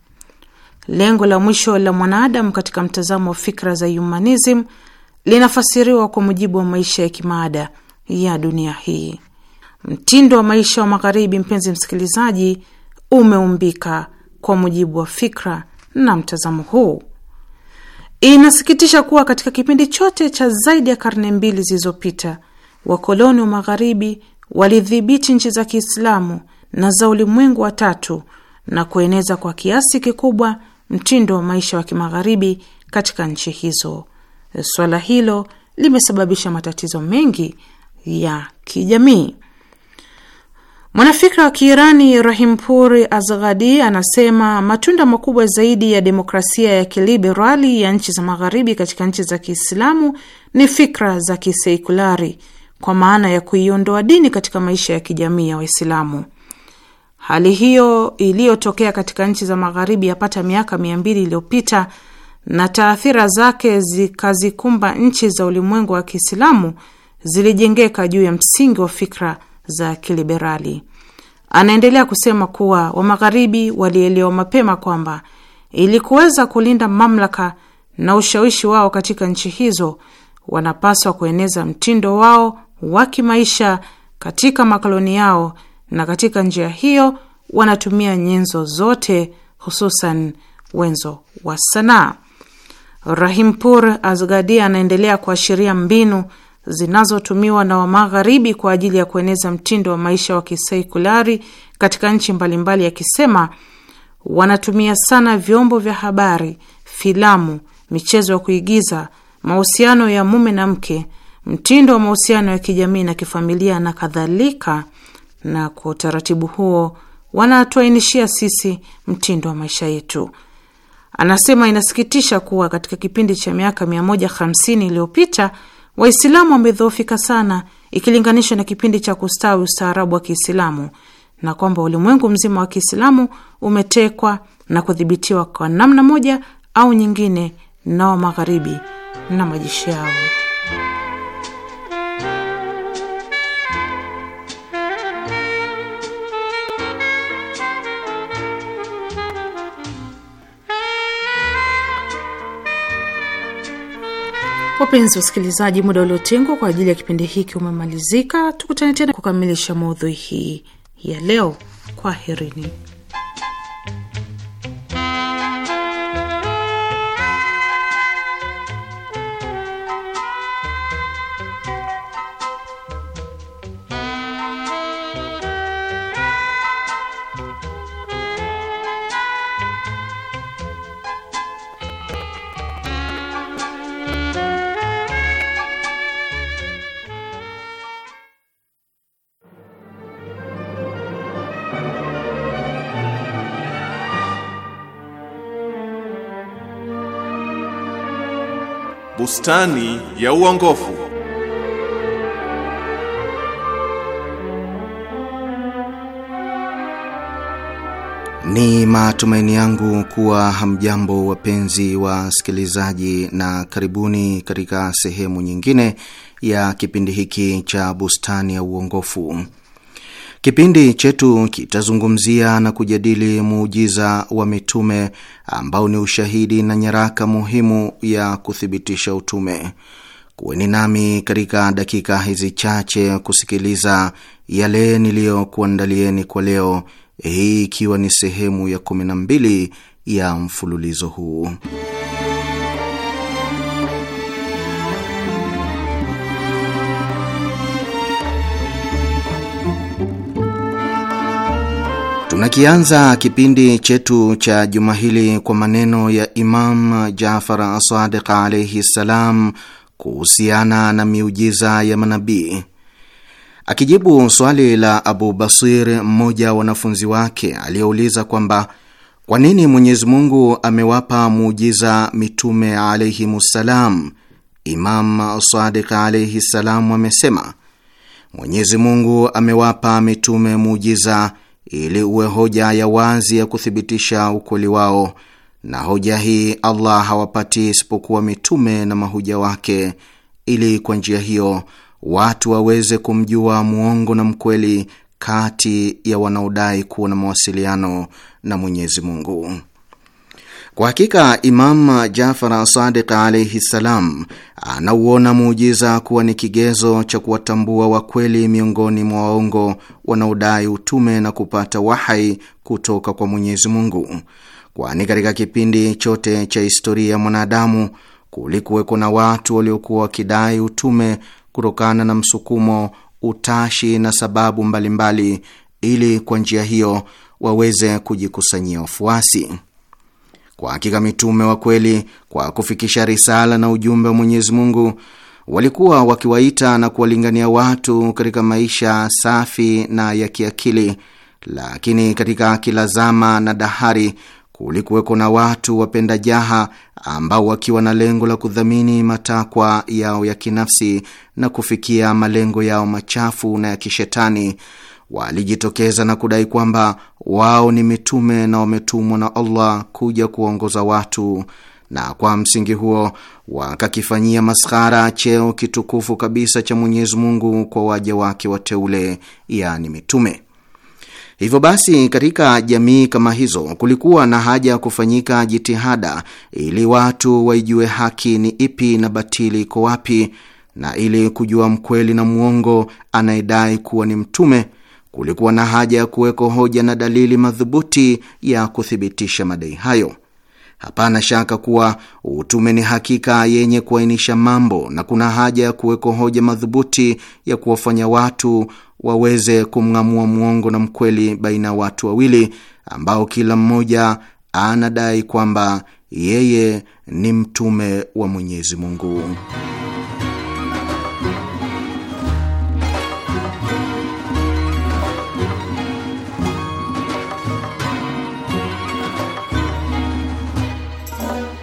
Lengo la mwisho la mwanadamu katika mtazamo wa fikra za humanism linafasiriwa kwa mujibu wa maisha ya kimaada ya dunia hii. Mtindo wa maisha wa Magharibi, mpenzi msikilizaji, umeumbika kwa mujibu wa fikra na mtazamo huu. Inasikitisha kuwa katika kipindi chote cha zaidi ya karne mbili zilizopita wakoloni wa magharibi walidhibiti nchi za Kiislamu na za ulimwengu wa tatu na kueneza kwa kiasi kikubwa mtindo wa maisha wa kimagharibi katika nchi hizo. Swala hilo limesababisha matatizo mengi ya kijamii. Mwanafikra wa Kiirani Rahimpuri Azghadi anasema matunda makubwa zaidi ya demokrasia ya kiliberali ya nchi za magharibi katika nchi za Kiislamu ni fikra za kisekulari, kwa maana ya kuiondoa dini katika maisha ya kijamii ya Waislamu. Hali hiyo iliyotokea katika nchi za magharibi yapata miaka mia mbili iliyopita na taathira zake zikazikumba nchi za ulimwengu wa Kiislamu zilijengeka juu ya msingi wa fikra za kiliberali. Anaendelea kusema kuwa Wamagharibi walielewa mapema kwamba ili kuweza kulinda mamlaka na ushawishi wao katika nchi hizo, wanapaswa kueneza mtindo wao wa kimaisha katika makoloni yao, na katika njia hiyo wanatumia nyenzo zote, hususan wenzo wa sanaa. Rahimpur Azgadi anaendelea kuashiria mbinu zinazotumiwa na Wamagharibi kwa ajili ya kueneza mtindo wa maisha wa kisekulari katika nchi mbalimbali, akisema wanatumia sana vyombo vya habari, filamu, michezo ya kuigiza, mahusiano ya mume na mke, mtindo wa mahusiano ya kijamii na kifamilia na kadhalika, na kwa utaratibu huo wanatuainishia sisi mtindo wa maisha yetu. Anasema inasikitisha kuwa katika kipindi cha miaka 150 iliyopita Waislamu wamedhoofika sana ikilinganishwa na kipindi cha kustawi ustaarabu wa Kiislamu na kwamba ulimwengu mzima wa Kiislamu umetekwa na kudhibitiwa kwa namna moja au nyingine na wa Magharibi na majeshi yao. Wapenzi wasikilizaji, muda uliotengwa kwa ajili ya kipindi hiki umemalizika. Tukutane tena kukamilisha maudhui hii ya leo. Kwaherini. Bustani ya uongofu. Ni matumaini yangu kuwa hamjambo wapenzi wa wasikilizaji, na karibuni katika sehemu nyingine ya kipindi hiki cha Bustani ya Uongofu. Kipindi chetu kitazungumzia na kujadili muujiza wa mitume ambao ni ushahidi na nyaraka muhimu ya kuthibitisha utume. Kuweni nami katika dakika hizi chache kusikiliza yale niliyokuandalieni kwa leo, hii ikiwa ni sehemu ya mbili ya mfululizo huu. Tunakianza kipindi chetu cha juma hili kwa maneno ya Imam Jafar Sadiq alaihi ssalam kuhusiana na miujiza ya manabii. Akijibu swali la Abu Basir, mmoja wa wanafunzi wake, aliyouliza kwamba kwa nini Mwenyezi Mungu amewapa muujiza mitume alaihimussalam, Imam Sadiq alaihi ssalam amesema Mwenyezi Mungu amewapa mitume muujiza ili uwe hoja ya wazi ya kuthibitisha ukweli wao, na hoja hii Allah hawapati isipokuwa mitume na mahuja wake, ili kwa njia hiyo watu waweze kumjua mwongo na mkweli kati ya wanaodai kuwa na mawasiliano na Mwenyezi Mungu. Kwa hakika Imam Jafar Sadiq alaihi ssalam anauona muujiza kuwa ni kigezo cha kuwatambua wakweli miongoni mwa waongo wanaodai utume na kupata wahai kutoka kwa Mwenyezi Mungu, kwani katika kipindi chote cha historia ya mwanadamu kulikuweko na watu waliokuwa wakidai utume kutokana na msukumo, utashi na sababu mbalimbali mbali, ili kwa njia hiyo waweze kujikusanyia wafuasi. Kwa hakika mitume wa kweli, kwa kufikisha risala na ujumbe wa Mwenyezi Mungu, walikuwa wakiwaita na kuwalingania watu katika maisha safi na ya kiakili, lakini katika kila zama na dahari kulikuweko na watu wapenda jaha ambao wakiwa na lengo la kudhamini matakwa yao ya kinafsi na kufikia malengo yao machafu na ya kishetani walijitokeza na kudai kwamba wao ni mitume na wametumwa na Allah kuja kuwaongoza watu, na kwa msingi huo wakakifanyia maskhara cheo kitukufu kabisa cha Mwenyezi Mungu kwa waja wake wateule, yani mitume. Hivyo basi, katika jamii kama hizo kulikuwa na haja ya kufanyika jitihada ili watu waijue haki ni ipi na batili iko wapi, na ili kujua mkweli na mwongo anayedai kuwa ni mtume kulikuwa na haja ya kuwekwa hoja na dalili madhubuti ya kuthibitisha madai hayo. Hapana shaka kuwa utume ni hakika yenye kuainisha mambo na kuna haja ya kuwekwa hoja madhubuti ya kuwafanya watu waweze kumng'amua mwongo na mkweli baina ya watu wawili ambao kila mmoja anadai kwamba yeye ni mtume wa Mwenyezi Mungu.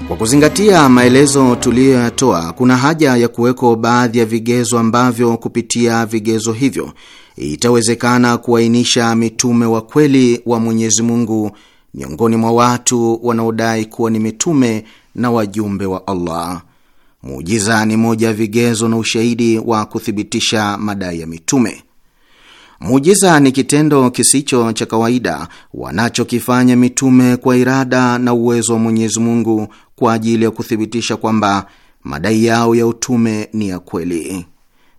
Kwa kuzingatia maelezo tuliyoyatoa, kuna haja ya kuweko baadhi ya vigezo ambavyo kupitia vigezo hivyo itawezekana kuainisha mitume wa kweli wa Mwenyezi Mungu miongoni mwa watu wanaodai kuwa ni mitume na wajumbe wa Allah. Muujiza ni moja ya vigezo na ushahidi wa kuthibitisha madai ya mitume. Muujiza ni kitendo kisicho cha kawaida wanachokifanya mitume kwa irada na uwezo wa Mwenyezi Mungu kwa ajili ya kuthibitisha kwamba madai yao ya utume ni ya kweli.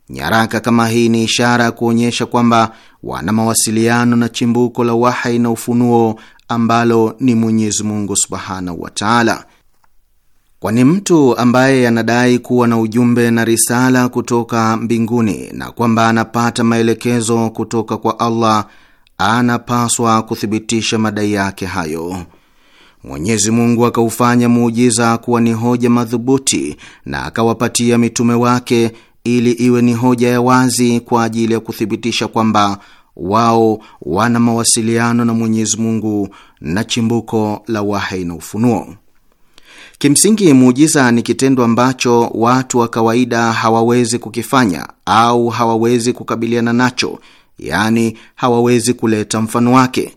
Nyaraka kama hii ni ishara ya kuonyesha kwamba wana mawasiliano na chimbuko la wahai na ufunuo ambalo ni Mwenyezi Mungu subhanahu wa taala, kwani mtu ambaye anadai kuwa na ujumbe na risala kutoka mbinguni na kwamba anapata maelekezo kutoka kwa Allah anapaswa kuthibitisha madai yake hayo. Mwenyezi Mungu akaufanya muujiza kuwa ni hoja madhubuti na akawapatia mitume wake ili iwe ni hoja ya wazi kwa ajili ya kuthibitisha kwamba wao wana mawasiliano na Mwenyezi Mungu na chimbuko la wahi na ufunuo. Kimsingi, muujiza ni kitendo ambacho watu wa kawaida hawawezi kukifanya au hawawezi kukabiliana nacho, yaani hawawezi kuleta mfano wake.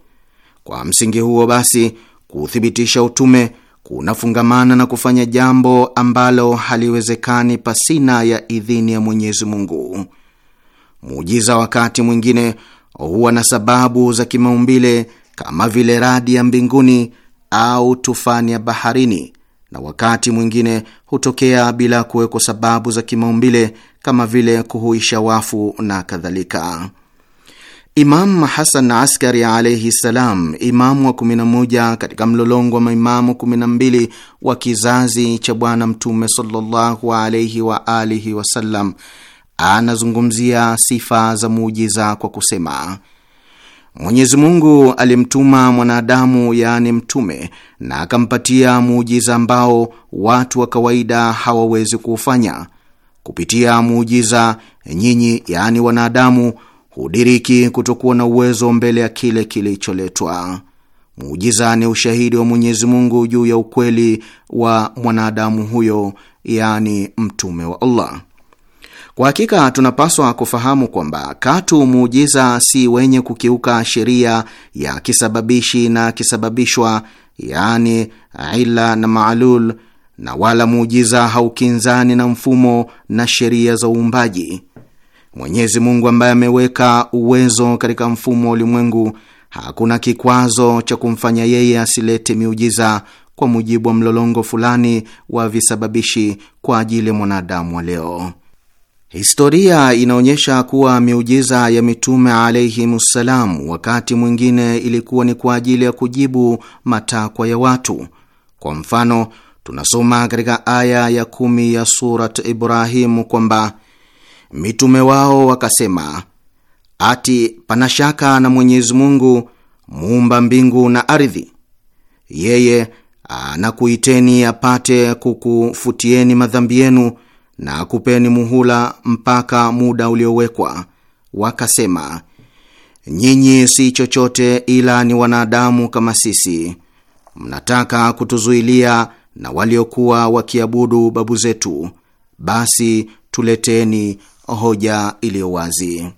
Kwa msingi huo basi Kuthibitisha utume kunafungamana na kufanya jambo ambalo haliwezekani pasina ya idhini ya Mwenyezi Mungu. Muujiza wakati mwingine huwa na sababu za kimaumbile kama vile radi ya mbinguni au tufani ya baharini, na wakati mwingine hutokea bila kuwekwa sababu za kimaumbile kama vile kuhuisha wafu na kadhalika. Imam Hasan Askari alaihi ssalam, imamu wa 11 katika mlolongo wa maimamu 12 wa kizazi cha Bwana Mtume sallallahu alaihi wa alihi wasallam, anazungumzia sifa za muujiza kwa kusema Mwenyezi Mungu alimtuma mwanadamu yaani mtume na akampatia muujiza ambao watu wa kawaida hawawezi kuufanya. Kupitia muujiza nyinyi, yaani wanadamu, hudiriki kutokuwa na uwezo mbele ya kile kilicholetwa. Muujiza ni ushahidi wa Mwenyezi Mungu juu ya ukweli wa mwanadamu huyo, yani mtume wa Allah. Kwa hakika tunapaswa kufahamu kwamba katu muujiza si wenye kukiuka sheria ya kisababishi na kisababishwa, yani ila na maalul, na wala muujiza haukinzani na mfumo na sheria za uumbaji Mwenyezi Mungu ambaye ameweka uwezo katika mfumo wa ulimwengu, hakuna kikwazo cha kumfanya yeye asilete miujiza kwa mujibu wa mlolongo fulani wa visababishi kwa ajili ya mwanadamu wa leo. Historia inaonyesha kuwa miujiza ya mitume ssalam, wakati mwingine ilikuwa ni kwa ajili ya kujibu matakwa ya watu. Kwa mfano, tunasoma katika aya ya kumi ya Surat Ibrahimu kwamba mitume wao wakasema, ati pana shaka na Mwenyezi Mungu muumba mbingu na ardhi? Yeye anakuiteni apate kukufutieni madhambi yenu na kupeni muhula mpaka muda uliowekwa. Wakasema, nyinyi si chochote ila ni wanadamu kama sisi, mnataka kutuzuilia na waliokuwa wakiabudu babu zetu, basi tuleteni hoja iliyo wazi.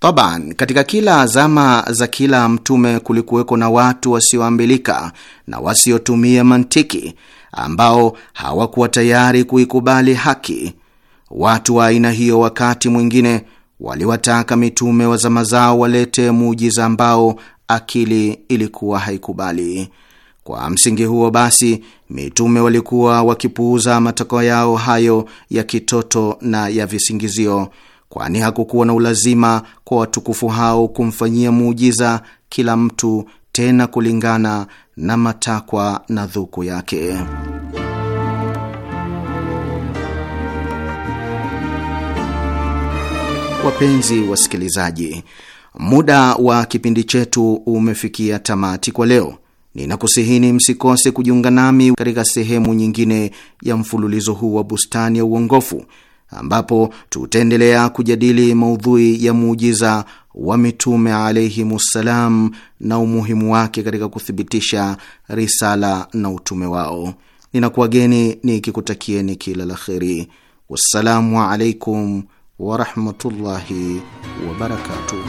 Taban, katika kila zama za kila mtume kulikuweko na watu wasioambilika na wasiotumia mantiki ambao hawakuwa tayari kuikubali haki. Watu wa aina hiyo wakati mwingine waliwataka mitume wa zama zao walete muujiza ambao akili ilikuwa haikubali. Kwa msingi huo basi, mitume walikuwa wakipuuza matakwa yao hayo ya kitoto na ya visingizio, kwani hakukuwa na ulazima kwa watukufu hao kumfanyia muujiza kila mtu, tena kulingana na matakwa na dhuku yake. Wapenzi wasikilizaji, muda wa kipindi chetu umefikia tamati kwa leo. Ninakusihini msikose kujiunga nami katika sehemu nyingine ya mfululizo huu wa Bustani ya Uongofu, ambapo tutaendelea kujadili maudhui ya muujiza wa mitume ssalam na umuhimu wake katika kuthibitisha risala na utume wao. Ninakuwageni nikikutakieni kila la kheri. Wassalamu alaikum warahmatullahi wabarakatuh.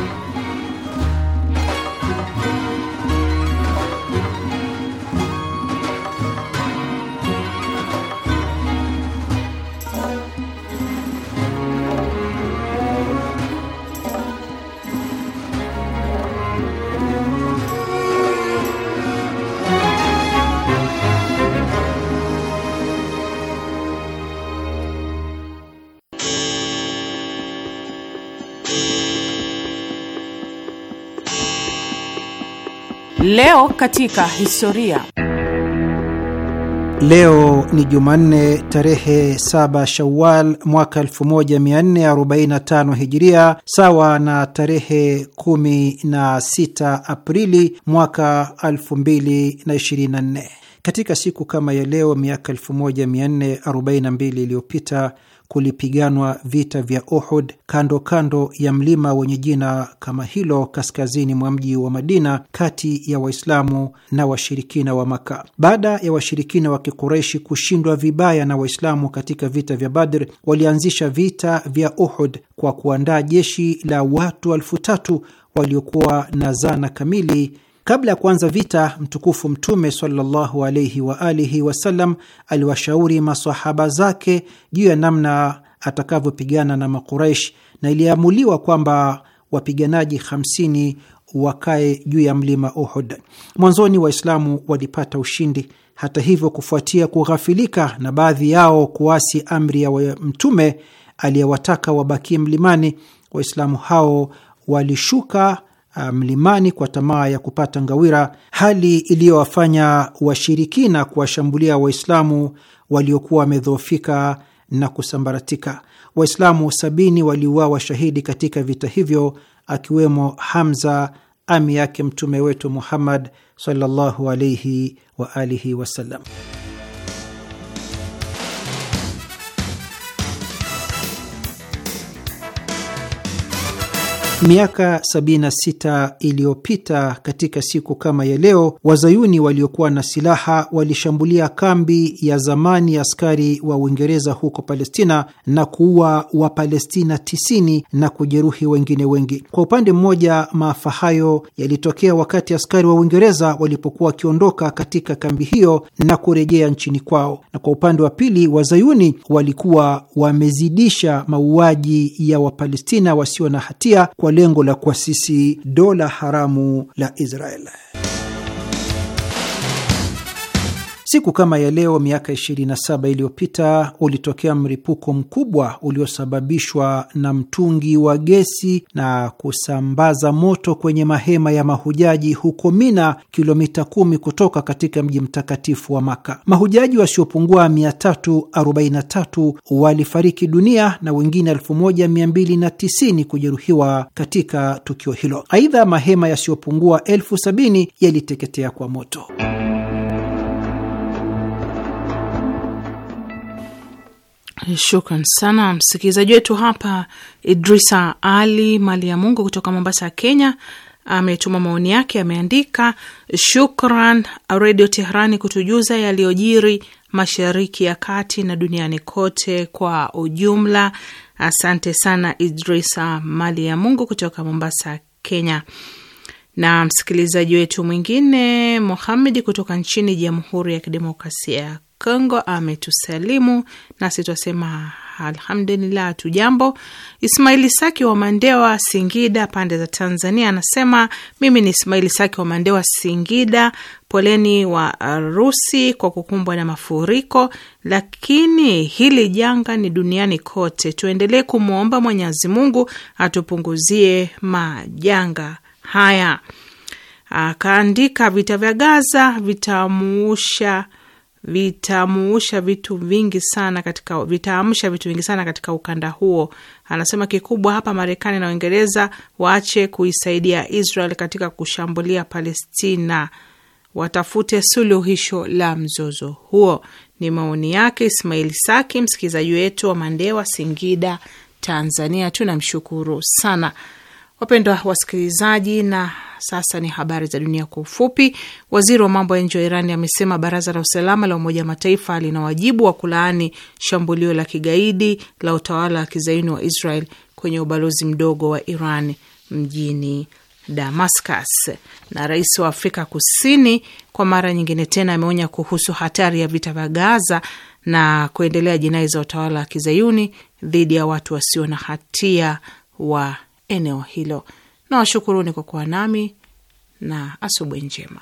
Leo katika historia. Leo ni Jumanne tarehe 7 Shawal mwaka 1445 Hijiria, sawa na tarehe 16 Aprili mwaka 2024. Katika siku kama ya leo miaka 1442 iliyopita kulipiganwa vita vya Uhud kando kando ya mlima wenye jina kama hilo kaskazini mwa mji wa Madina kati ya Waislamu na washirikina wa Maka. Baada ya washirikina wa Kikureshi kushindwa vibaya na Waislamu katika vita vya Badr, walianzisha vita vya Uhud kwa kuandaa jeshi la watu elfu tatu waliokuwa na zana kamili Kabla ya kuanza vita, mtukufu Mtume sallallahu alaihi wa alihi wasallam aliwashauri masahaba zake juu ya namna atakavyopigana na Makuraish, na iliamuliwa kwamba wapiganaji 50 wakae juu ya mlima Uhud. Mwanzoni Waislamu walipata ushindi. Hata hivyo, kufuatia kughafilika na baadhi yao kuasi amri ya Mtume aliyewataka wabakie mlimani, Waislamu hao walishuka Uh, mlimani kwa tamaa ya kupata ngawira, hali iliyowafanya washirikina kuwashambulia Waislamu waliokuwa wamedhoofika na kusambaratika. Waislamu sabini waliuawa shahidi katika vita hivyo, akiwemo Hamza, ami yake mtume wetu Muhammad sallallahu alaihi wa alihi wasallam. Miaka 76 iliyopita katika siku kama ya leo, wazayuni waliokuwa na silaha walishambulia kambi ya zamani ya askari wa Uingereza huko Palestina na kuua Wapalestina 90 na kujeruhi wengine wengi. Kwa upande mmoja, maafa hayo yalitokea wakati askari wa Uingereza walipokuwa wakiondoka katika kambi hiyo na kurejea nchini kwao, na kwa upande wa pili, wazayuni walikuwa wamezidisha mauaji ya Wapalestina wasio na hatia kwa kwa lengo la kuasisi dola haramu la Israel. Siku kama ya leo miaka 27 iliyopita ulitokea mlipuko mkubwa uliosababishwa na mtungi wa gesi na kusambaza moto kwenye mahema ya mahujaji huko Mina, kilomita kumi kutoka katika mji mtakatifu wa Maka. Mahujaji wasiopungua 343 walifariki dunia na wengine 1290 kujeruhiwa katika tukio hilo. Aidha, mahema yasiyopungua elfu sabini yaliteketea kwa moto. Eh, shukran sana msikilizaji wetu hapa. Idrisa Ali mali ya Mungu kutoka Mombasa, Kenya, ametuma maoni yake. Ameandika, shukran Redio Teherani kutujuza yaliyojiri mashariki ya kati na duniani kote kwa ujumla. Asante sana Idrisa mali ya Mungu kutoka Mombasa, Kenya. Na msikilizaji wetu mwingine muhamedi kutoka nchini Jamhuri ya Kidemokrasia Kongo ametusalimu nasi twasema alhamdulillah, tu jambo. Ismaili Saki wa Mandewa, Singida, pande za Tanzania, anasema mimi ni Ismaili Saki wa Mandewa, Singida. Poleni wa Rusi kwa kukumbwa na mafuriko, lakini hili janga ni duniani kote. Tuendelee kumwomba Mwenyezi Mungu atupunguzie majanga haya. Akaandika, vita vya Gaza vitamuusha vitamuusha vitu vingi sana katika vitaamsha vitu vingi sana katika ukanda huo. Anasema kikubwa hapa Marekani na Uingereza waache kuisaidia Israel katika kushambulia Palestina, watafute suluhisho la mzozo huo. Ni maoni yake Ismail Saki, msikilizaji wetu wa Mandewa, Singida, Tanzania. Tunamshukuru sana, wapendwa wasikilizaji na sasa ni habari za dunia kwa ufupi. Waziri wa mambo ya nje wa Irani amesema baraza la usalama la Umoja Mataifa lina wajibu wa kulaani shambulio la kigaidi la utawala wa kizaini wa Israel kwenye ubalozi mdogo wa Iran mjini Damascus. Na rais wa Afrika Kusini kwa mara nyingine tena ameonya kuhusu hatari ya vita vya Gaza na kuendelea jinai za utawala wa kizayuni dhidi ya watu wasio na hatia wa eneo hilo nawashukuruni kwa kuwa nami na asubuhi njema.